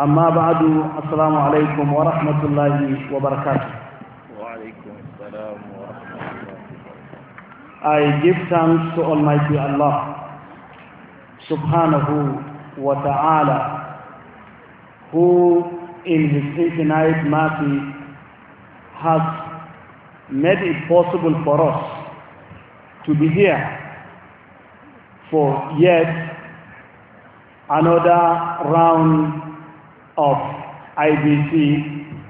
أما بعد السلام عليكم ورحمة الله وبركاته وعليكم السلام ورحمة الله I give thanks to Almighty Allah subhanahu wa ta'ala who in His infinite mercy has made it possible for us to be here for yet another round of IBC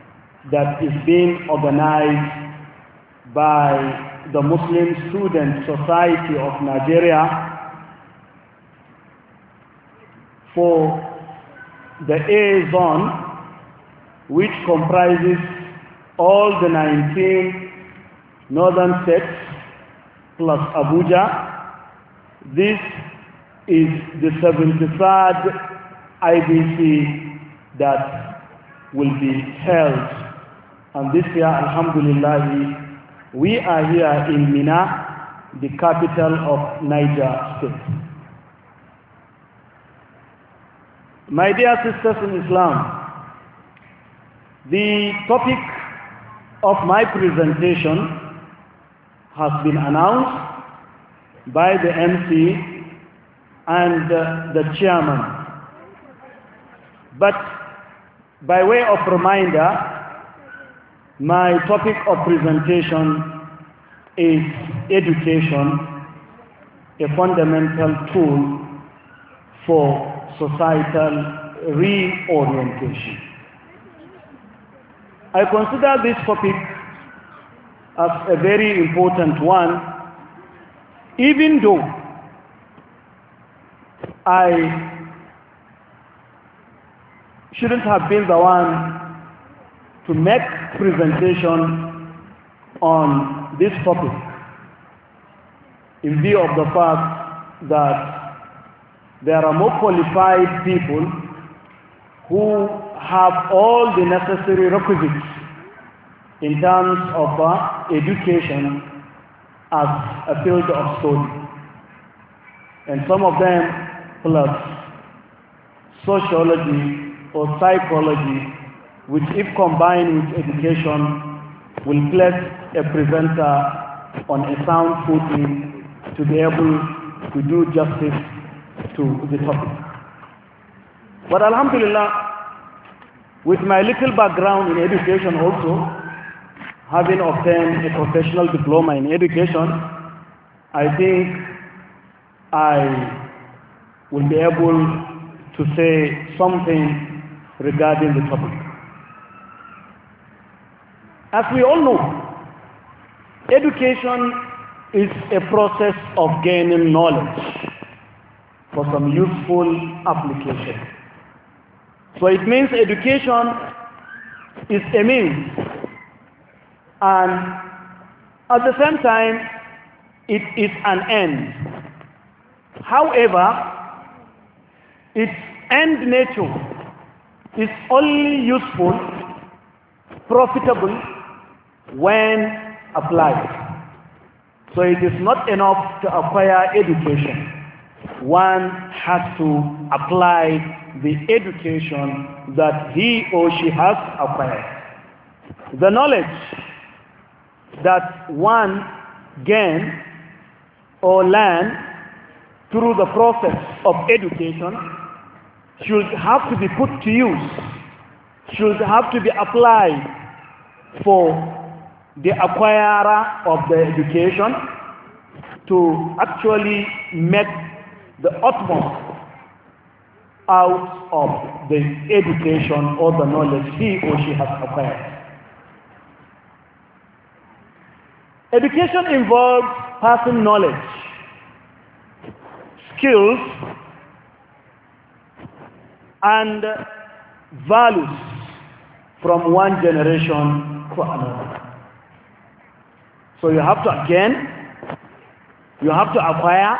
that is being organized by the Muslim Student Society of Nigeria for the A zone which comprises all the 19 northern states plus Abuja. This is the 73rd IBC that will be held. And this year, Alhamdulillah, we are here in Mina, the capital of Niger State. My dear sisters in Islam, the topic of my presentation has been announced by the MC and uh, the chairman. But By way of reminder, my topic of presentation is education, a fundamental tool for societal reorientation. I consider this topic as a very important one, even though I shouldn't have been the one to make presentation on this topic in view of the fact that there are more qualified people who have all the necessary requisites in terms of uh, education as a field of study. And some of them plus sociology or psychology, which if combined with education, will place a presenter on a sound footing to be able to do justice to the topic. But Alhamdulillah, with my little background in education also, having obtained a professional diploma in education, I think I will be able to say something regarding the topic. As we all know, education is a process of gaining knowledge for some useful application. So it means education is a means and at the same time it is an end. However, its end nature is only useful, profitable when applied. So it is not enough to acquire education. One has to apply the education that he or she has acquired. The knowledge that one gains or learns through the process of education should have to be put to use, should have to be applied for the acquirer of the education to actually make the utmost out of the education or the knowledge he or she has acquired. Education involves passing knowledge, skills, and values from one generation to another. So you have to again, you have to acquire,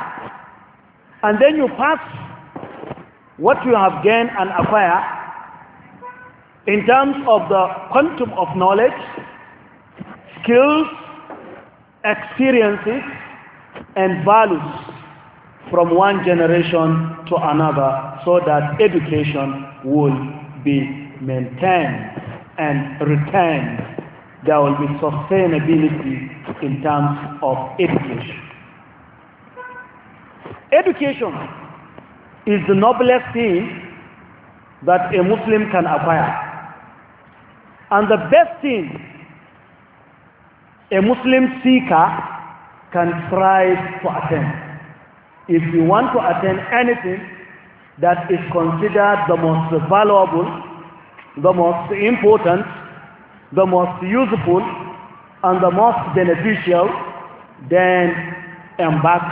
and then you pass what you have gained and acquired in terms of the quantum of knowledge, skills, experiences, and values from one generation to another so that education will be maintained and retained. There will be sustainability in terms of education. Education is the noblest thing that a Muslim can acquire. And the best thing a Muslim seeker can strive to attain. if you want to attain anything that is considered the most valuable, the most important, the most useful, and the most beneficial, then embark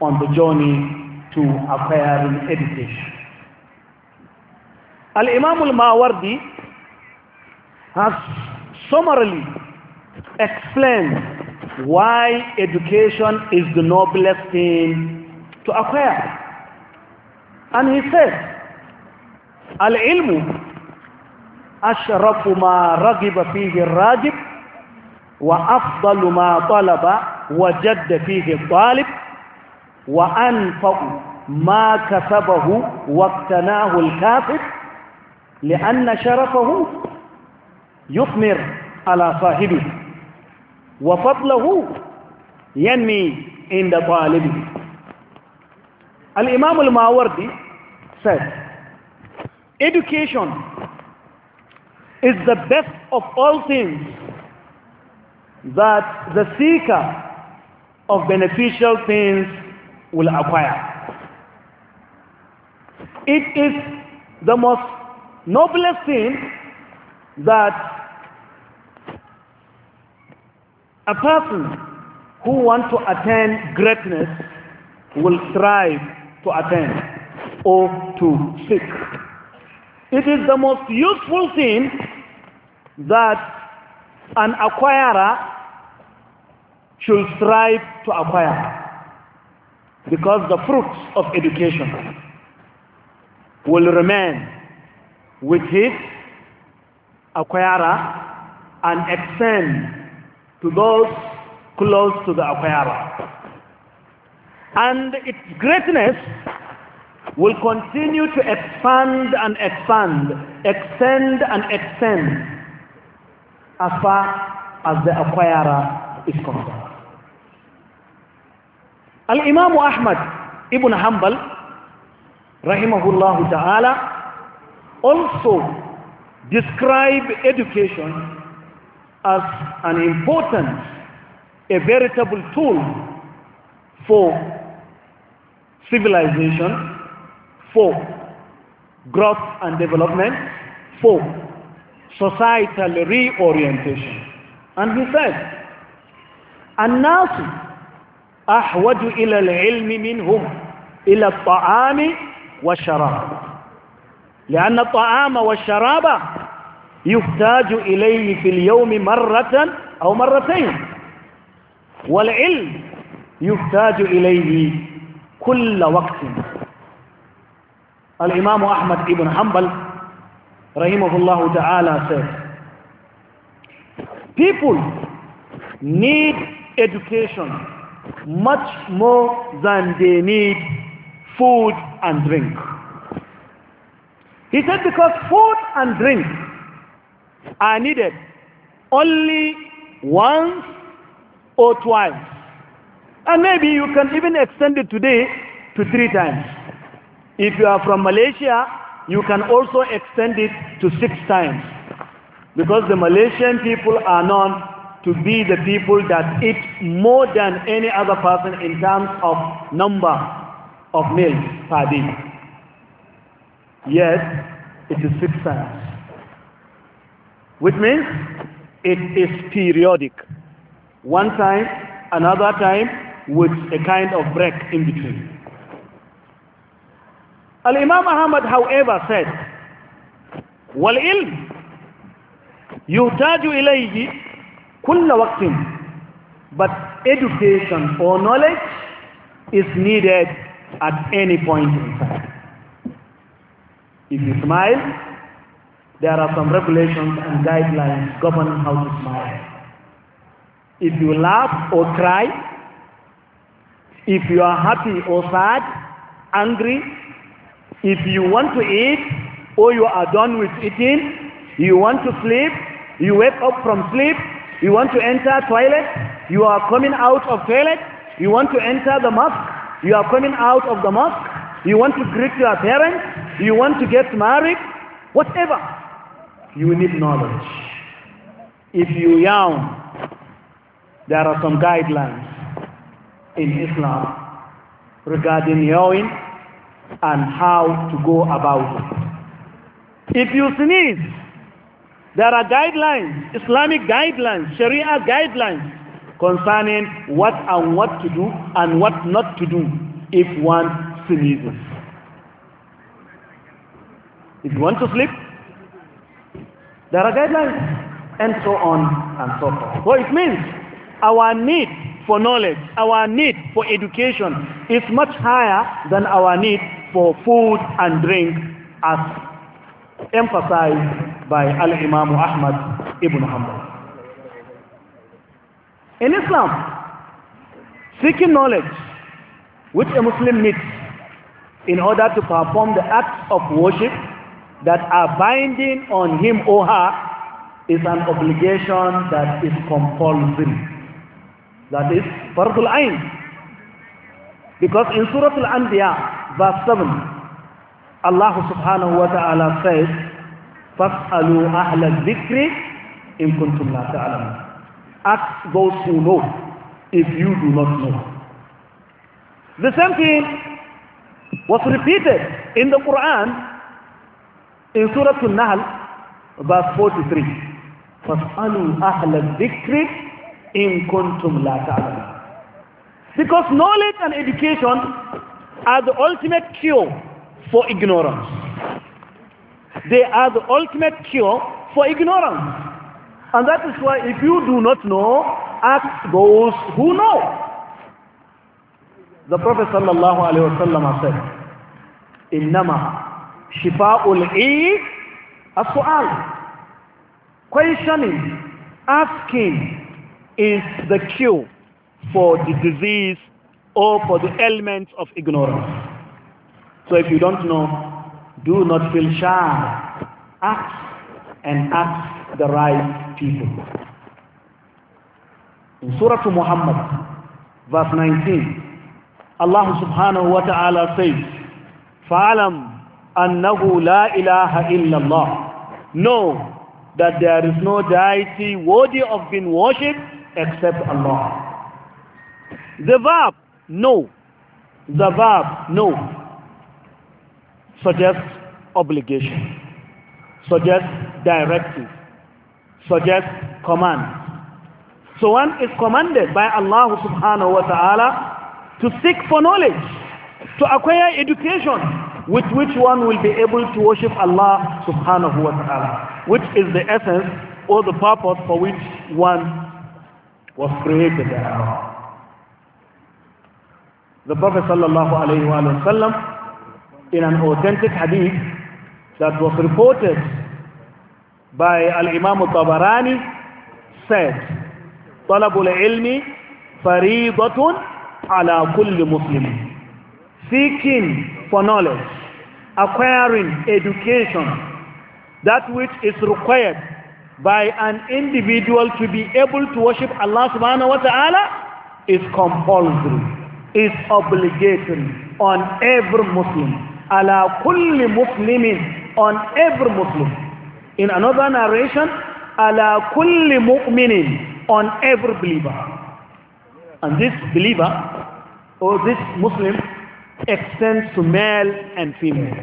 on the journey to acquiring education. Al-Imam al-Mawardi has summarily explained why education is the noblest thing to acquire. And he said, Al-ilmu ashrafu ma ragiba fihi ragib wa afdalu ma talaba wajadda fihi talib wa anfa'u ma kasabahu ما كسبه واقتناه الكافر sharafahu yukmir ala على wa fadlahu yanmi inda طالبه Al-Imam al-Mawardi said, education is the best of all things that the seeker of beneficial things will acquire. It is the most noblest thing that a person who wants to attain greatness will strive to attend or to seek. It is the most useful thing that an acquirer should strive to acquire because the fruits of education will remain with his acquirer and extend to those close to the acquirer. And its greatness will continue to expand and expand, extend and extend as far as the acquirer is concerned. Al-Imam Ahmad ibn Hanbal, rahimahullah ta'ala, also describe education as an important, a veritable tool for civilization, four, growth and development, four, societal reorientation. And he said, الناس أحوج إلى العلم منهم إلى الطعام والشراب لأن الطعام والشراب يحتاج إليه في اليوم مرة أو مرتين والعلم يحتاج إليه كل waktin alimamu ahmad ibn hambal رحمه ta'ala تعالى says people need education much more than they need food and drink he said because food and drink are needed only once or twice And maybe you can even extend it today to three times. If you are from Malaysia, you can also extend it to six times. Because the Malaysian people are known to be the people that eat more than any other person in terms of number of meals per day. Yes, it is six times. Which means it is periodic. One time, another time, with a kind of break in between. Al-Imam Ahmad, however, said, وَالْإِلْمِ يُحْتَاجُ إِلَيْهِ كُلَّ وَقْتٍ But education or knowledge is needed at any point in time. If you smile, there are some regulations and guidelines governing how to smile. If you laugh or cry, if you are happy or sad, angry, if you want to eat or you are done with eating, you want to sleep, you wake up from sleep, you want to enter toilet, you are coming out of toilet, you want to enter the mosque, you are coming out of the mosque, you want to greet your parents, you want to get married, whatever. You need knowledge. If you yawn, there are some guidelines in Islam regarding yawning and how to go about it. If you sneeze, there are guidelines, Islamic guidelines, Sharia guidelines concerning what and what to do and what not to do if one sneezes. If you want to sleep, there are guidelines, and so on and so forth. So it means our need for knowledge, our need for education is much higher than our need for food and drink as emphasized by Al-Imam Ahmad ibn Hanbal. In Islam, seeking knowledge which a Muslim needs in order to perform the acts of worship that are binding on him or her is an obligation that is compulsory. That is al Ain. Because in Surah Al-Anbiya, verse 7, Allah subhanahu wa ta'ala says, فَاسْأَلُوا أَهْلَ الذِّكْرِ إِن كُنْتُمْ لَا Ask those who know if you do not know. The same thing was repeated in the Quran in Surah Al-Nahl, verse 43. فَاسْأَلُوا أَهْلَ الذِّكْرِ in kuntum la ta'lamun because knowledge and education are the ultimate cure for ignorance they are the ultimate cure for ignorance and that is why if you do not know ask those who know the prophet sallallahu alaihi wasallam said innama shifa'ul i as-su'al questioning asking is the cure for the disease or for the elements of ignorance. So if you don't know, do not feel shy. Ask and ask the right people. In Surah Muhammad, verse 19, Allah subhanahu wa ta'ala says, فَعَلَمْ أَنَّهُ لَا إِلَهَ إِلَّا اللَّهِ Know that there is no deity worthy of being worshipped except Allah. The verb no, the verb no suggests obligation, suggests directive, suggests command. So one is commanded by Allah subhanahu wa ta'ala to seek for knowledge, to acquire education with which one will be able to worship Allah subhanahu wa ta'ala, which is the essence or the purpose for which one was created therearound. The Prophet ﷺ, in an authentic hadith that was reported by Al-Imam Tabarani, said, طلب العلم فريضة على كل مسلم. Seeking for knowledge, acquiring education, that which is required by an individual to be able to worship Allah subhanahu wa ta'ala is compulsory, is obligatory on every Muslim. Ala kulli Muslimin, on every Muslim. In another narration, ala kulli mu'minin, on every believer. And this believer, or this Muslim, extends to male and female,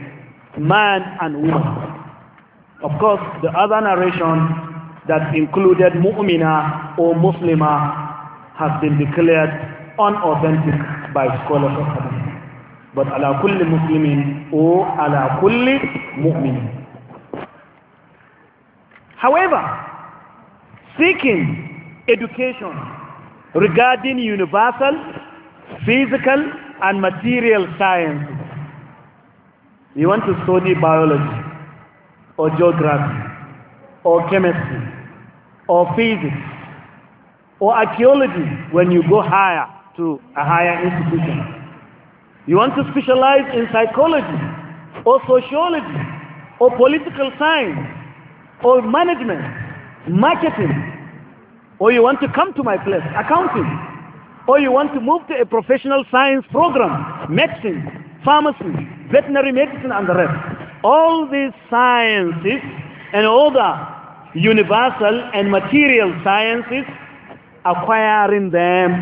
man and woman. Of course, the other narration that included mu'mina or muslima has been declared unauthentic by scholars of hadith. But ala kulli muslimin or ala kulli mu'min. However, seeking education regarding universal, physical, and material sciences. You want to study biology or geography or chemistry or physics or archaeology when you go higher to a higher institution. You want to specialize in psychology or sociology or political science or management, marketing, or you want to come to my place, accounting, or you want to move to a professional science program, medicine, pharmacy, veterinary medicine and the rest all these sciences and all the universal and material sciences, acquiring them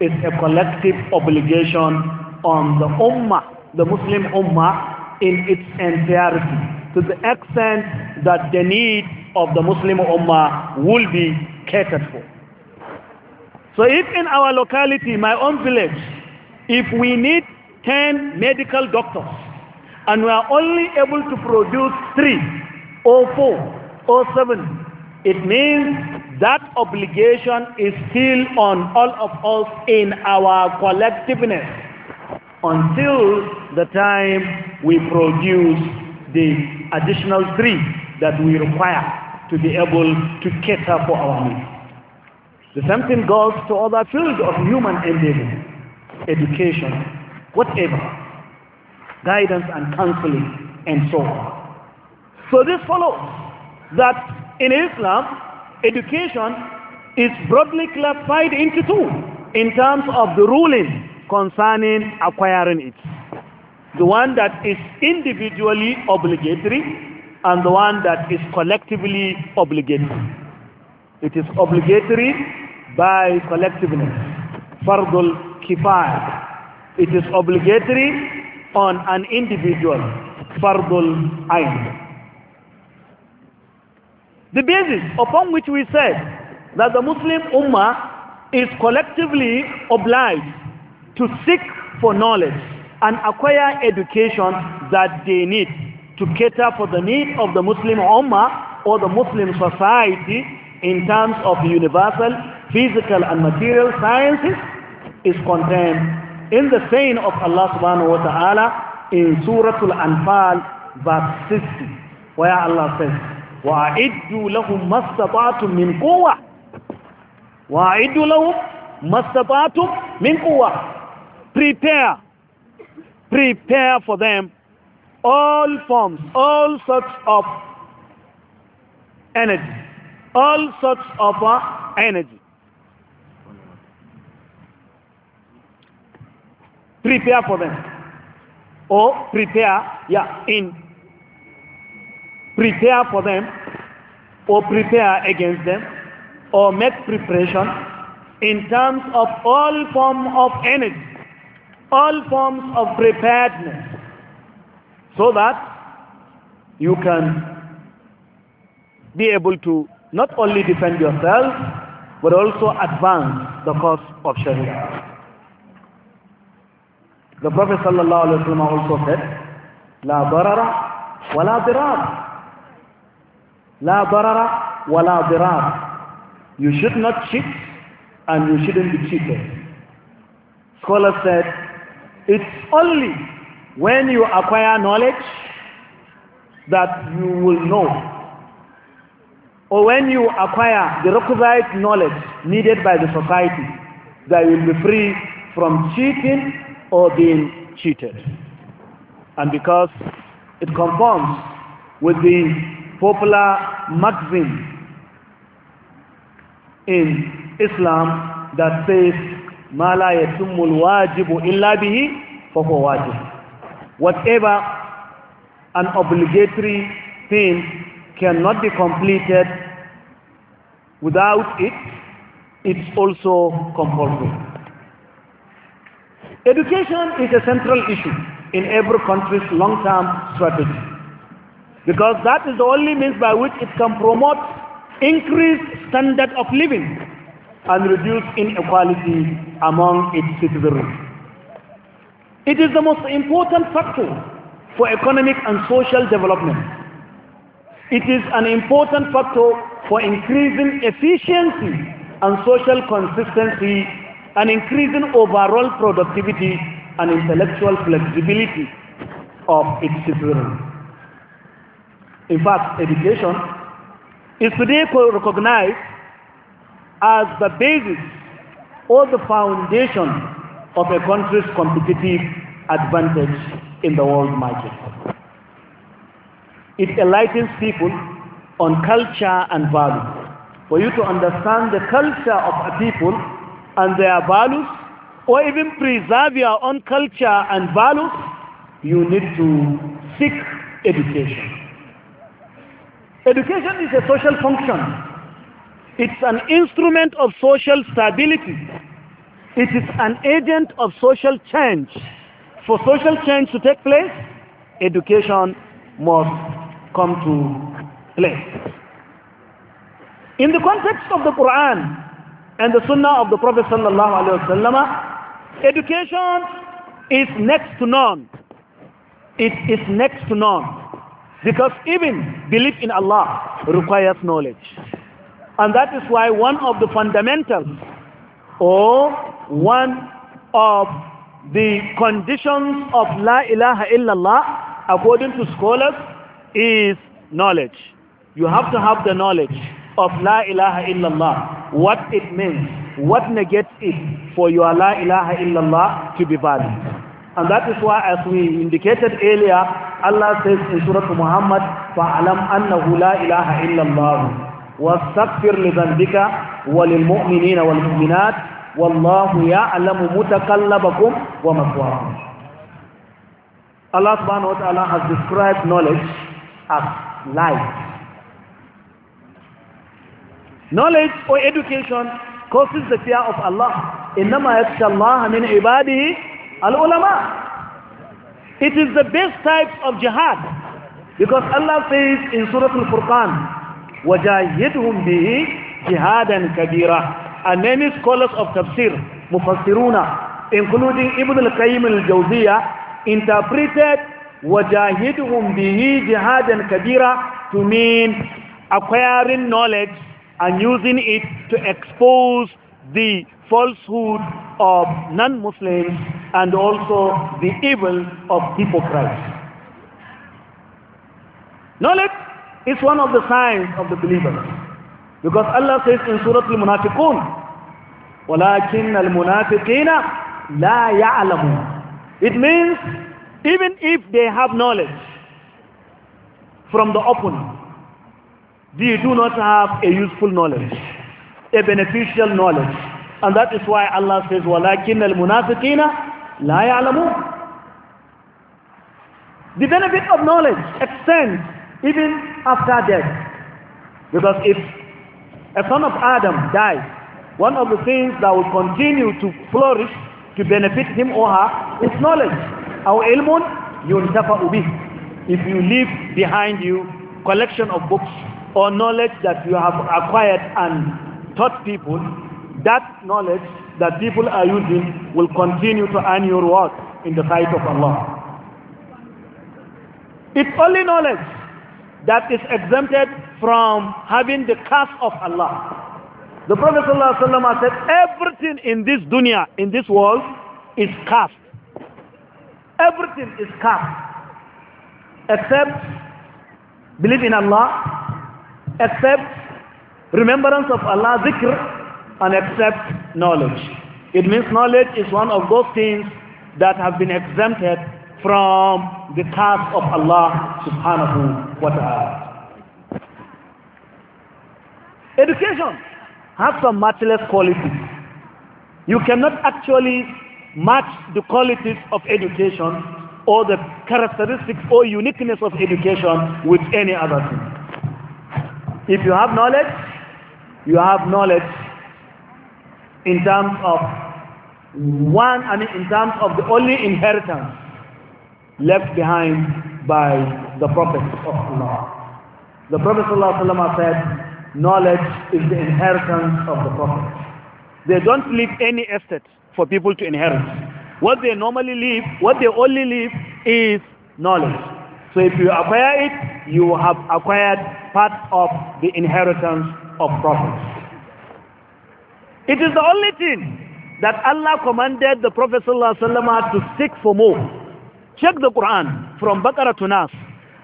is a collective obligation on the Ummah, the Muslim Ummah in its entirety, to the extent that the need of the Muslim Ummah will be catered for. So if in our locality, my own village, if we need 10 medical doctors, and we are only able to produce three or oh four or oh seven, it means that obligation is still on all of us in our collectiveness until the time we produce the additional three that we require to be able to cater for our needs. The same thing goes to other fields of human endeavor, education, whatever guidance and counseling, and so on. So this follows that in Islam, education is broadly classified into two in terms of the ruling concerning acquiring it. The one that is individually obligatory and the one that is collectively obligatory. It is obligatory by collectiveness, fardul kifaya. It is obligatory on an individual fardul ayn. The basis upon which we said that the Muslim Ummah is collectively obliged to seek for knowledge and acquire education that they need to cater for the needs of the Muslim Ummah or the Muslim society in terms of universal physical and material sciences is contained in the saying of Allah subhanahu wa ta'ala in Surah Al-Anfal verse 60 where Allah says وَأَعِدُّوا لَهُمْ مَسْتَطَعْتُمْ مِنْ قُوَّةٍ وَأَعِدُّوا لَهُمْ مَسْتَطَعْتُمْ مِنْ قُوَّةٍ Prepare prepare for them all forms, all sorts of energy, all sorts of uh, energy prepare for them or prepare yeah in prepare for them or prepare against them or make preparation in terms of all forms of energy all forms of preparedness so that you can be able to not only defend yourself but also advance the cause of Sharia. The Prophet sallallahu alaihi wasallam also said, "La barara, wa la dirar. La barara, wa la dirar. You should not cheat, and you shouldn't be cheated." Scholar said, "It's only when you acquire knowledge that you will know." Or when you acquire the requisite knowledge needed by the society, that you will be free from cheating or being cheated. And because it conforms with the popular maxim in Islam that says, ما لا يتم الواجب إلا Whatever an obligatory thing cannot be completed without it, it's also compulsory. Education is a central issue in every country's long-term strategy because that is the only means by which it can promote increased standard of living and reduce inequality among its citizens. It is the most important factor for economic and social development. It is an important factor for increasing efficiency and social consistency and increasing overall productivity and intellectual flexibility of its citizens. In fact, education is today recognized as the basis or the foundation of a country's competitive advantage in the world market. It enlightens people on culture and values. For you to understand the culture of a people and their values or even preserve your own culture and values, you need to seek education. Education is a social function. It's an instrument of social stability. It is an agent of social change. For social change to take place, education must come to place. In the context of the Quran, and the sunnah of the Prophet sallallahu education is next to none. It is next to none. Because even belief in Allah requires knowledge. And that is why one of the fundamentals or one of the conditions of La ilaha illallah according to scholars is knowledge. You have to have the knowledge. of La ilaha illallah, what it means, what negates it for your La ilaha illallah to be valid. And that is why as we indicated earlier, Allah says in Surah Muhammad, فَعَلَمْ أَنَّهُ لَا إِلَهَ إِلَّا اللَّهُ وَاسْتَغْفِرْ لِذَنْبِكَ وَلِلْمُؤْمِنِينَ وَالْمُؤْمِنَاتِ وَاللَّهُ يَعْلَمُ مُتَقَلَّبَكُمْ وَمَثْوَاكُمْ Allah subhanahu wa ta'ala has described knowledge as light knowledge or education causes the fear of Allah إنما Allah min ibadihi al-ulama it is the best type of jihad because Allah says in Surah Al-Furqan wajahidhum بِهِ jihadan kabira and many scholars of tafsir mufassiruna including Ibn al-Qayyim al-Jawziyah interpreted wajahidhum بِهِ jihadan Kabira to mean acquiring knowledge and using it to expose the falsehood of non-Muslims and also the evil of hypocrites. Knowledge is one of the signs of the believer. Because Allah says in Surah Al-Munafiqun, وَلَكِنَّ الْمُنَافِقِينَ لَا يَعْلَمُونَ It means even if they have knowledge from the opponent. They do not have a useful knowledge, a beneficial knowledge. And that is why Allah says, وَلَكِنَّ الْمُنَافِقِينَ لَا يَعْلَمُونَ The benefit of knowledge extends even after death. Because if a son of Adam dies, one of the things that will continue to flourish to benefit him or her is knowledge. Our ilmun, you If you leave behind you collection of books or knowledge that you have acquired and taught people, that knowledge that people are using will continue to earn your reward in the sight of Allah. It's only knowledge that is exempted from having the curse of Allah. The Prophet ﷺ said, everything in this dunya, in this world, is cursed. Everything is cursed. Except believe in Allah, Accept remembrance of Allah zikr, and accept knowledge. It means knowledge is one of those things that have been exempted from the task of Allah subhanahu wa ta'ala. Education has some matchless qualities. You cannot actually match the qualities of education or the characteristics or uniqueness of education with any other thing. If you have knowledge, you have knowledge in terms of one, I mean in terms of the only inheritance left behind by the Prophet of Allah. The Prophet ﷺ said, knowledge is the inheritance of the Prophet. They don't leave any estate for people to inherit. What they normally leave, what they only leave is knowledge. So if you acquire it, you have acquired part of the inheritance of prophets. It is the only thing that Allah commanded the Prophet ﷺ to seek for more. Check the Quran from Baqarah to Nas.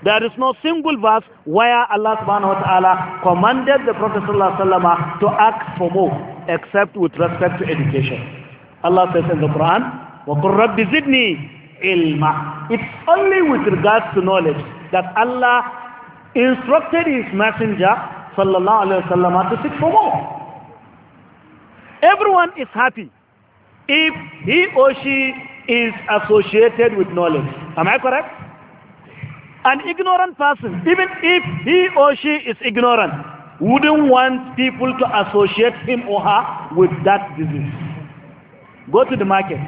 There is no single verse where Allah subhanahu wa ta'ala commanded the Prophet ﷺ to ask for more except with respect to education. Allah says in the Quran, وَقُلْ رَبِّ زِدْنِي ilma. It's only with regards to knowledge that Allah instructed His Messenger sallallahu alaihi wasallam to seek for more. Everyone is happy if he or she is associated with knowledge. Am I correct? An ignorant person, even if he or she is ignorant, wouldn't want people to associate him or her with that disease. Go to the market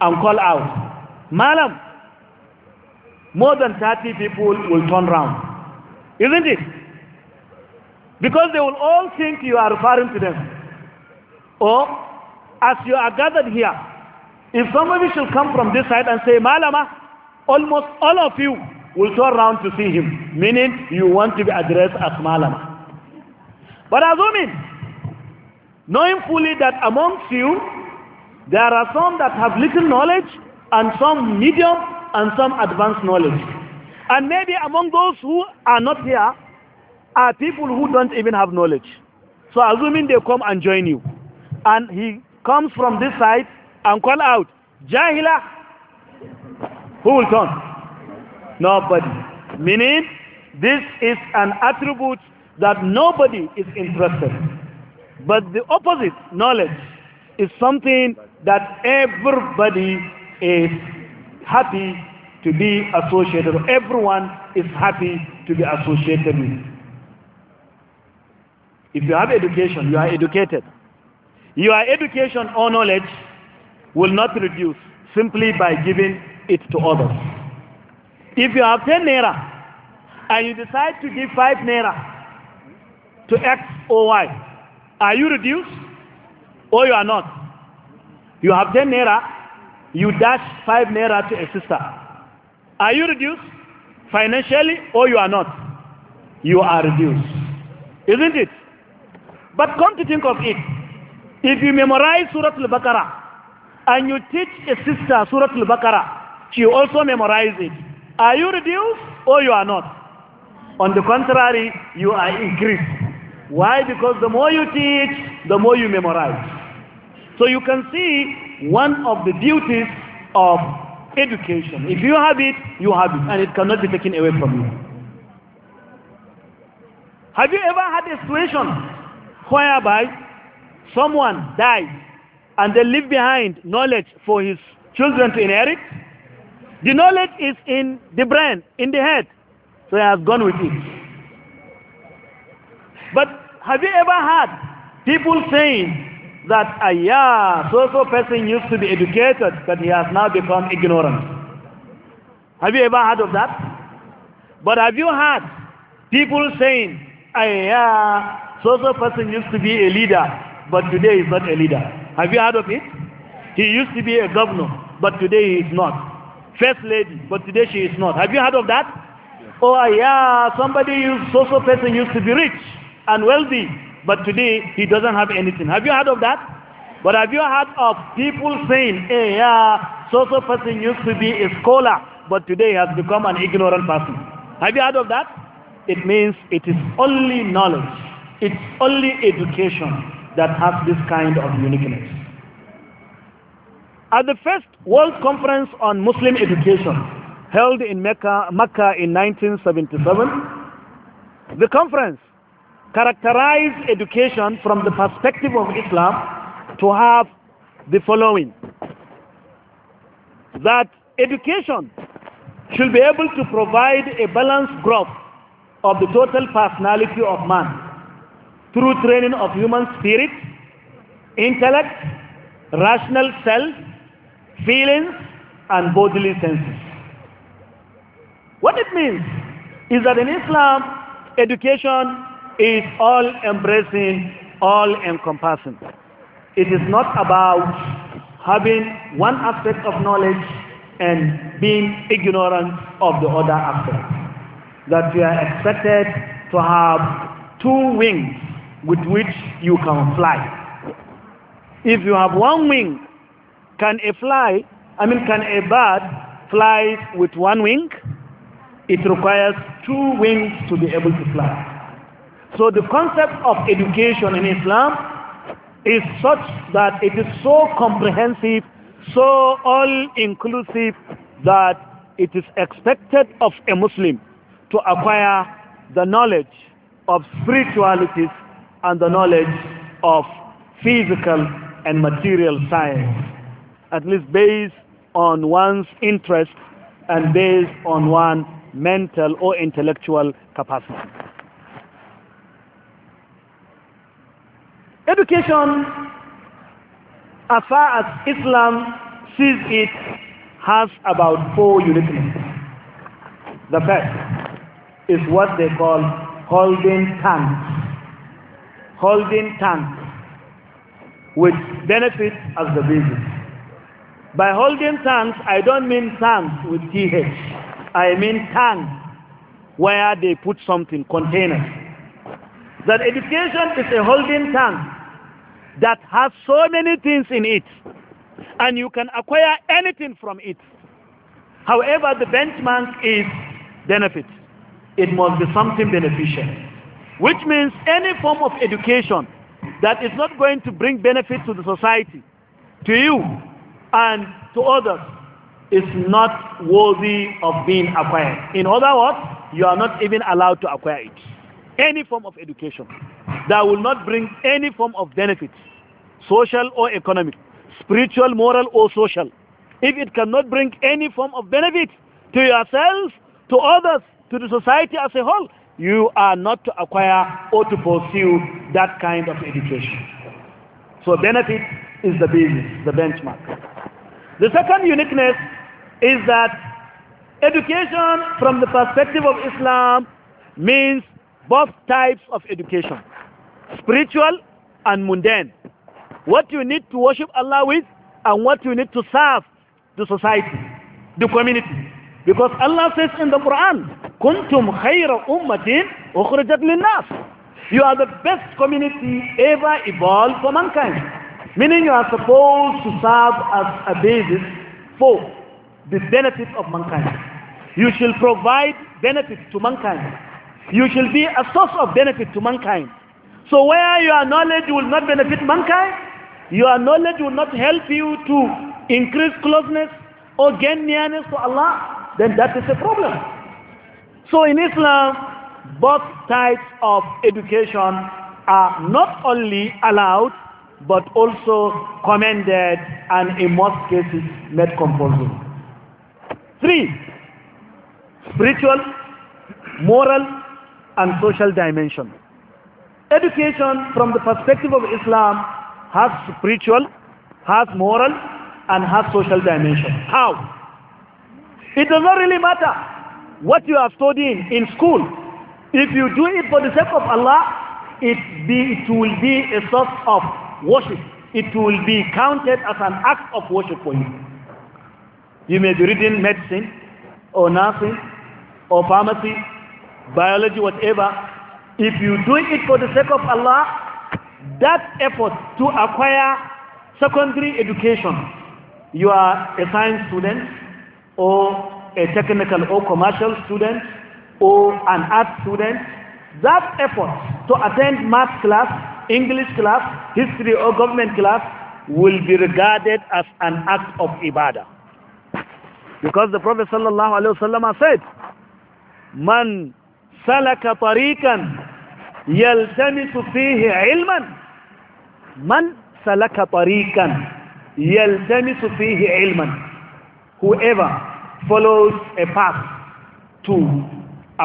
and call out Malam, more than 30 people will turn round. Isn't it? Because they will all think you are referring to them. Or, as you are gathered here, if somebody should come from this side and say, Malama, almost all of you will turn round to see him, meaning you want to be addressed as Malama. But assuming, knowing fully that amongst you, there are some that have little knowledge, and some medium and some advanced knowledge. And maybe among those who are not here are people who don't even have knowledge. So assuming they come and join you, and he comes from this side and call out, Jahila, who will come? Nobody. Meaning, this is an attribute that nobody is interested. But the opposite, knowledge, is something that everybody is happy to be associated with. Everyone is happy to be associated with. If you have education, you are educated. Your education or knowledge will not reduce simply by giving it to others. If you have 10 naira and you decide to give 5 naira to X or Y, are you reduced or you are not? You have 10 naira you dash 5 naira to a sister. Are you reduced financially or you are not? You are reduced. Isn't it? But come to think of it, if you memorize Surah Al-Baqarah and you teach a sister Surah Al-Baqarah, she also memorizes it. Are you reduced or you are not? On the contrary, you are increased. Why? Because the more you teach, the more you memorize. So you can see one of the duties of education. If you have it, you have it, and it cannot be taken away from you. Have you ever had a situation whereby someone died, and they leave behind knowledge for his children to inherit? The knowledge is in the brain, in the head, so he has gone with it. But have you ever had people saying that a ah, yeah, so-so person used to be educated, but he has now become ignorant. Have you ever heard of that? But have you heard people saying, ah, yeah, so-so person used to be a leader, but today is not a leader. Have you heard of it? He used to be a governor, but today he is not. First lady, but today she is not. Have you heard of that? Oh ah, yeah, somebody used, so-so person used to be rich and wealthy, but today he doesn't have anything. Have you heard of that? But have you heard of people saying, hey, uh, so-so person used to be a scholar, but today has become an ignorant person. Have you heard of that? It means it is only knowledge, it's only education that has this kind of uniqueness. At the first World Conference on Muslim Education, held in Mecca, Mecca in 1977, the conference characterize education from the perspective of Islam to have the following that education should be able to provide a balanced growth of the total personality of man through training of human spirit, intellect, rational self, feelings, and bodily senses. What it means is that in Islam, education is all embracing, all encompassing. It is not about having one aspect of knowledge and being ignorant of the other aspect. That you are expected to have two wings with which you can fly. If you have one wing, can a fly, I mean, can a bird fly with one wing? It requires two wings to be able to fly. So the concept of education in Islam is such that it is so comprehensive, so all-inclusive that it is expected of a Muslim to acquire the knowledge of spiritualities and the knowledge of physical and material science, at least based on one's interest and based on one's mental or intellectual capacity. Education, as far as Islam sees it, has about four unities. The first is what they call holding tanks. Holding tanks with benefit as the business. By holding tanks, I don't mean tanks with TH. I mean tanks where they put something, containers. That education is a holding tank that has so many things in it and you can acquire anything from it. However, the benchmark is benefit. It must be something beneficial, which means any form of education that is not going to bring benefit to the society, to you, and to others is not worthy of being acquired. In other words, you are not even allowed to acquire it any form of education that will not bring any form of benefit, social or economic, spiritual, moral or social, if it cannot bring any form of benefit to yourself, to others, to the society as a whole, you are not to acquire or to pursue that kind of education. So benefit is the basis, the benchmark. The second uniqueness is that education from the perspective of Islam means both types of education, spiritual and mundane. What you need to worship Allah with and what you need to serve the society, the community. Because Allah says in the Quran, كُنْتُمْ خَيْرَ أُمَّةٍ أُخْرِجَتْ لِلنَّاسِ You are the best community ever evolved for mankind. Meaning you are supposed to serve as a basis for the benefit of mankind. You shall provide benefit to mankind. You shall be a source of benefit to mankind. So where your knowledge will not benefit mankind, your knowledge will not help you to increase closeness or gain nearness to Allah, then that is a problem. So in Islam, both types of education are not only allowed, but also commended and in most cases made compulsory. Three, spiritual, moral, and social dimension. Education from the perspective of Islam has spiritual, has moral, and has social dimension. How? It does not really matter what you are studying in school. If you do it for the sake of Allah, it, be, it will be a source of worship. It will be counted as an act of worship for you. You may be reading medicine, or nursing, or pharmacy, biology, whatever, if you do it for the sake of Allah, that effort to acquire secondary education, you are a science student or a technical or commercial student or an art student, that effort to attend math class, English class, history or government class will be regarded as an act of ibadah. Because the Prophet ﷺ said, Man سلك طريقا يلتمس فيه علما من سلك طريقا يلتمس فيه ilman whoever follows a path to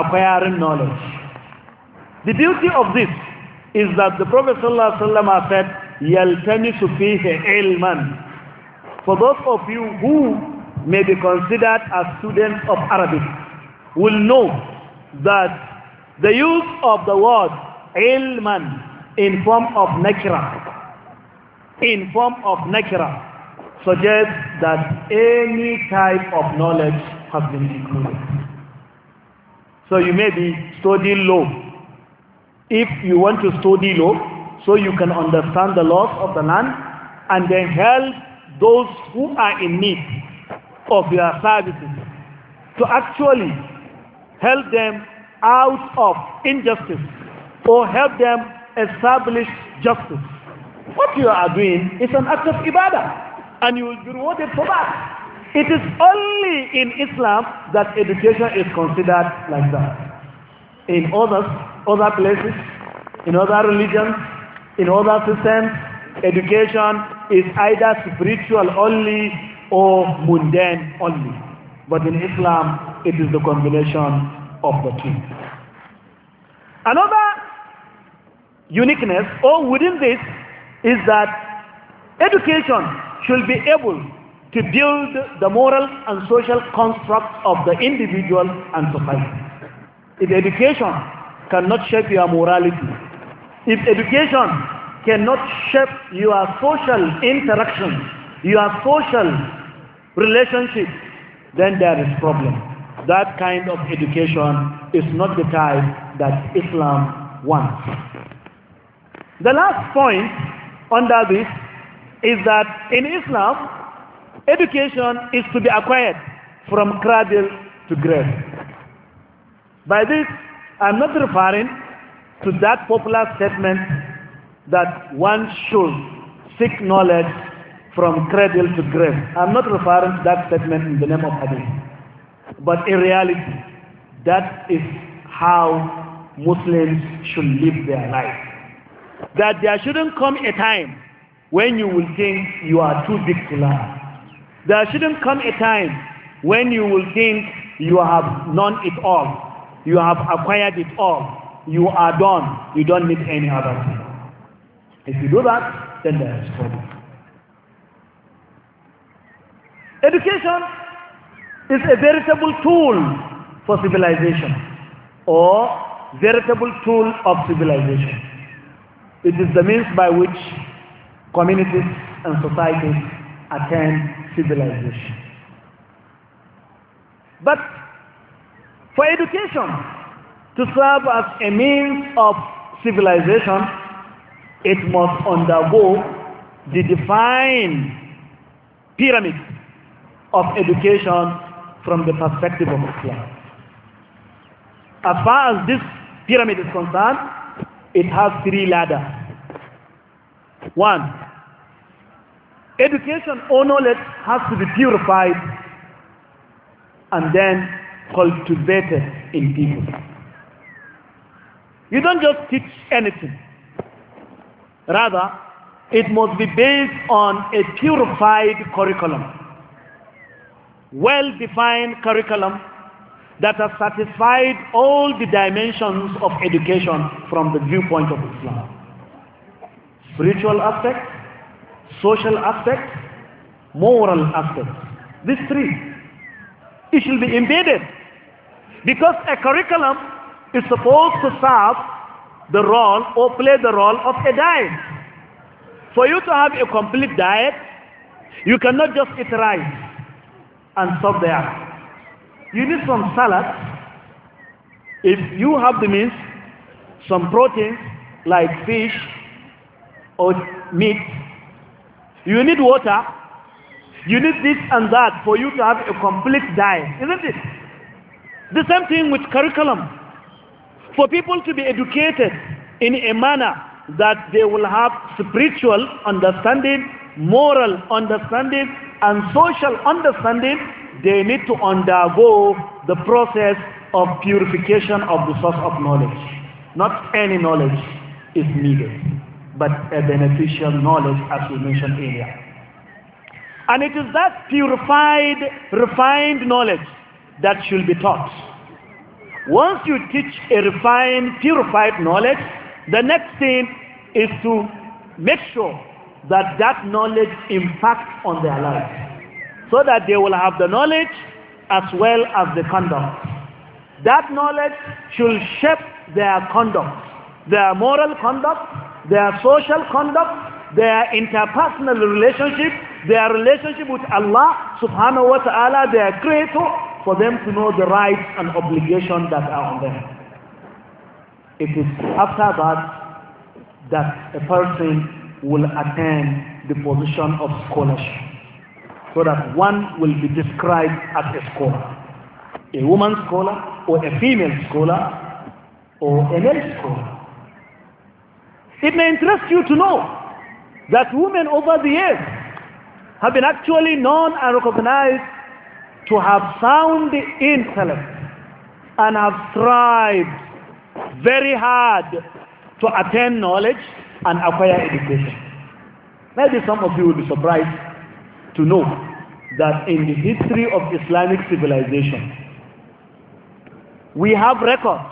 acquiring knowledge the beauty of this is that the prophet sallallahu alaihi wasallam said yaltamisu fihi ilman for those of you who may be considered as students of arabic will know that the use of the word ilman in form of nakira, in form of nakira, suggests that any type of knowledge has been included. So you may be studying law. If you want to study law, so you can understand the laws of the land and then help those who are in need of your services to actually help them out of injustice or help them establish justice. What you are doing is an act of ibadah and you will be rewarded for that. It is only in Islam that education is considered like that. In others, other places, in other religions, in other systems, education is either spiritual only or mundane only. But in Islam, it is the combination of the king. Another uniqueness, or within this, is that education should be able to build the moral and social construct of the individual and society. If education cannot shape your morality, if education cannot shape your social interaction, your social relationship, then there is problem. That kind of education is not the type that Islam wants. The last point under this is that in Islam, education is to be acquired from cradle to grave. By this, I'm not referring to that popular statement that one should seek knowledge from cradle to grave. I'm not referring to that statement in the name of Hadith. But in reality, that is how Muslims should live their life. That there shouldn't come a time when you will think you are too big to learn. There shouldn't come a time when you will think you have known it all, you have acquired it all, you are done, you don't need any other thing. If you do that, then there is trouble. Education is a veritable tool for civilization or veritable tool of civilization. It is the means by which communities and societies attain civilization. But for education to serve as a means of civilization, it must undergo the defined pyramid of education from the perspective of Islam. As far as this pyramid is concerned, it has three ladders. One, education or knowledge has to be purified and then cultivated in people. You don't just teach anything. Rather, it must be based on a purified curriculum well-defined curriculum that has satisfied all the dimensions of education from the viewpoint of Islam. Spiritual aspect, social aspect, moral aspect. These three. It should be embedded. Because a curriculum is supposed to serve the role or play the role of a diet. For you to have a complete diet, you cannot just eat rice. and stop there. You need some salad. If you have the means, some proteins like fish or meat. You need water. You need this and that for you to have a complete diet, isn't it? The same thing with curriculum. For people to be educated in a manner that they will have spiritual understanding moral understanding, and social understanding, they need to undergo the process of purification of the source of knowledge. Not any knowledge is needed, but a beneficial knowledge as we mentioned earlier. And it is that purified, refined knowledge that should be taught. Once you teach a refined, purified knowledge, the next thing is to make sure that that knowledge impacts on their life so that they will have the knowledge as well as the conduct. That knowledge should shape their conduct, their moral conduct, their social conduct, their interpersonal relationship, their relationship with Allah subhanahu wa ta'ala, their creator, for them to know the rights and obligations that are on them. It is after that that a person will attain the position of scholarship so that one will be described as a scholar a woman scholar or a female scholar or a male scholar it may interest you to know that women over the years have been actually known and recognized to have sound intellect and have strived very hard to attain knowledge and acquire education. Maybe some of you will be surprised to know that in the history of Islamic civilization, we have records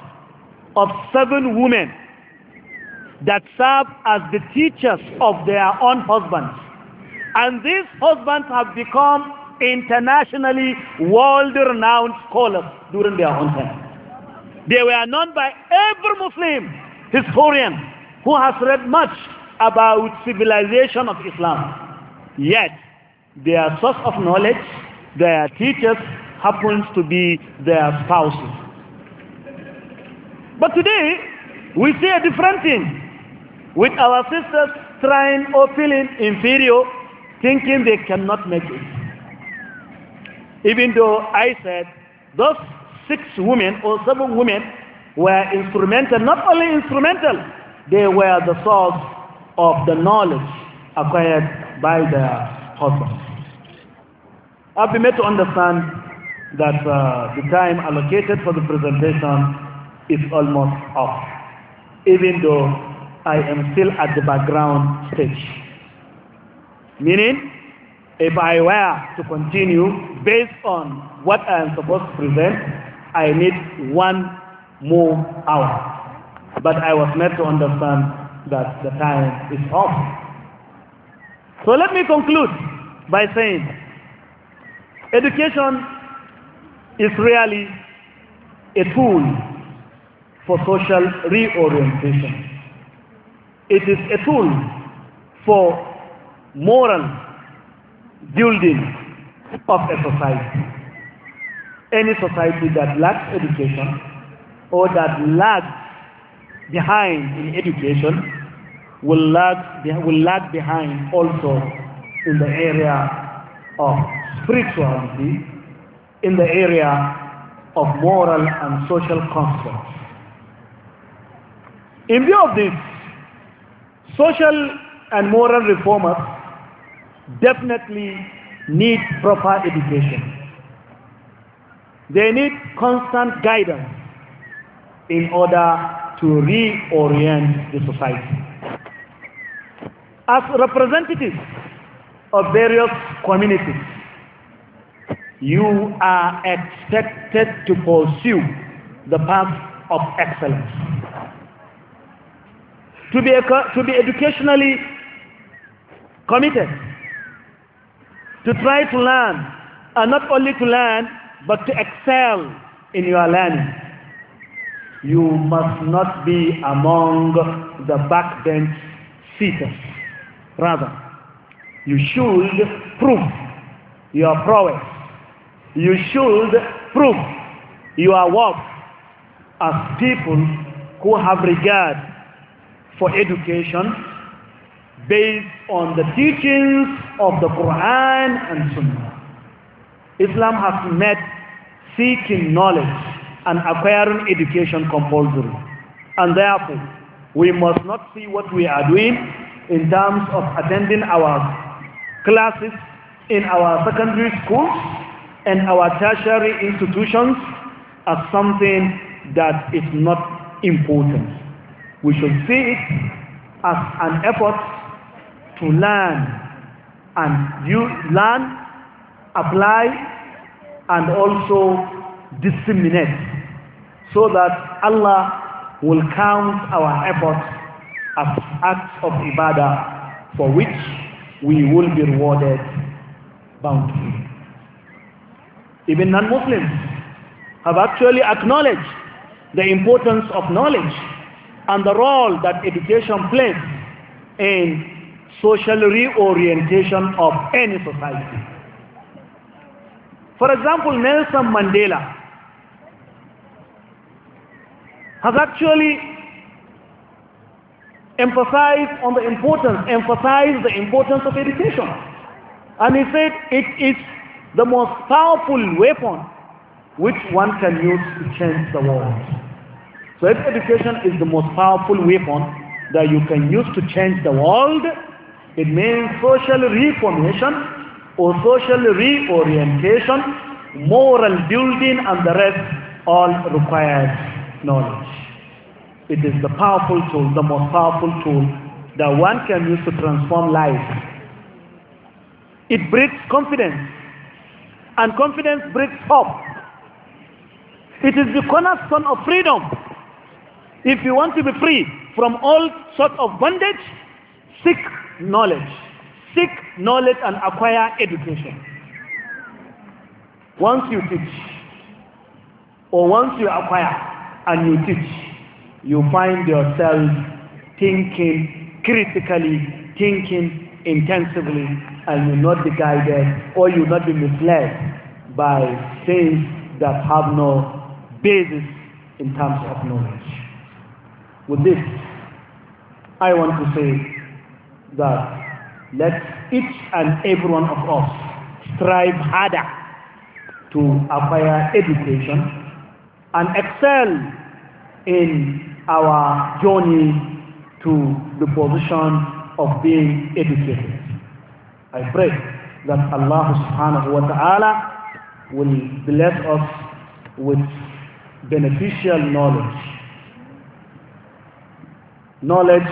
of seven women that serve as the teachers of their own husbands. And these husbands have become internationally world-renowned scholars during their own time. They were known by every Muslim historian who has read much about civilization of Islam. Yet, their source of knowledge, their teachers, happens to be their spouses. But today, we see a different thing. With our sisters trying or feeling inferior, thinking they cannot make it. Even though I said those six women or seven women were instrumental, not only instrumental, they were the source of the knowledge acquired by their husbands. I've been made to understand that uh, the time allocated for the presentation is almost up, even though I am still at the background stage. Meaning, if I were to continue based on what I am supposed to present, I need one more hour But I was made to understand that the time is up. So let me conclude by saying education is really a tool for social reorientation. It is a tool for moral building of a society. Any society that lacks education or that lacks behind in education will lag, will lag behind also in the area of spirituality, in the area of moral and social constructs. In view of this, social and moral reformers definitely need proper education. They need constant guidance in order to reorient the society. As representatives of various communities, you are expected to pursue the path of excellence. To be, to be educationally committed, to try to learn, and not only to learn, but to excel in your learning you must not be among the backbench seekers. Rather, you should prove your prowess. You should prove your worth as people who have regard for education based on the teachings of the Quran and Sunnah. Islam has met seeking knowledge and acquiring education compulsory. And therefore, we must not see what we are doing in terms of attending our classes in our secondary schools and our tertiary institutions as something that is not important. We should see it as an effort to learn and you learn, apply, and also disseminate so that Allah will count our efforts as acts of ibadah for which we will be rewarded bountifully. Even non-Muslims have actually acknowledged the importance of knowledge and the role that education plays in social reorientation of any society. For example, Nelson Mandela has actually emphasized on the importance, emphasized the importance of education. And he said it is the most powerful weapon which one can use to change the world. So education is the most powerful weapon that you can use to change the world, it means social reformation or social reorientation, moral building and the rest all requires knowledge. It is the powerful tool, the most powerful tool that one can use to transform life. It breeds confidence, and confidence breeds hope. It is the cornerstone of freedom. If you want to be free from all sorts of bondage, seek knowledge. Seek knowledge and acquire education. Once you teach, or once you acquire and you teach, you find yourself thinking critically, thinking intensively, and you not be guided or you not be misled by things that have no basis in terms of knowledge. With this, I want to say that let each and every one of us strive harder to acquire education and excel in our journey to the position of being educated. I pray that Allah subhanahu wa ta'ala will bless us with beneficial knowledge. Knowledge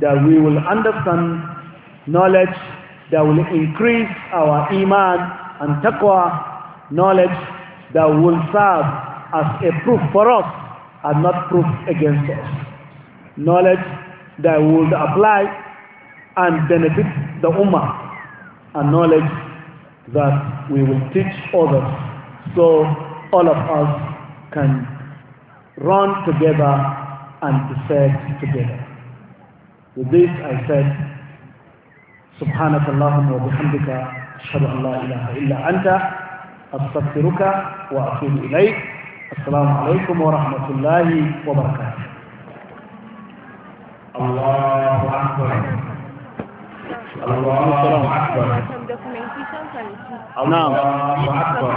that we will understand, knowledge that will increase our iman and taqwa, knowledge that will serve as a proof for us are not proof against us. Knowledge that would apply and benefit the Ummah and knowledge that we will teach others so all of us can run together and dissect together. With this I said, سبحانك bihamdika وبحمدك أشهد أن لا إله إلا أنت wa وأتوب إليك السلام عليكم ورحمة الله وبركاته الله أكبر الله أكبر نعم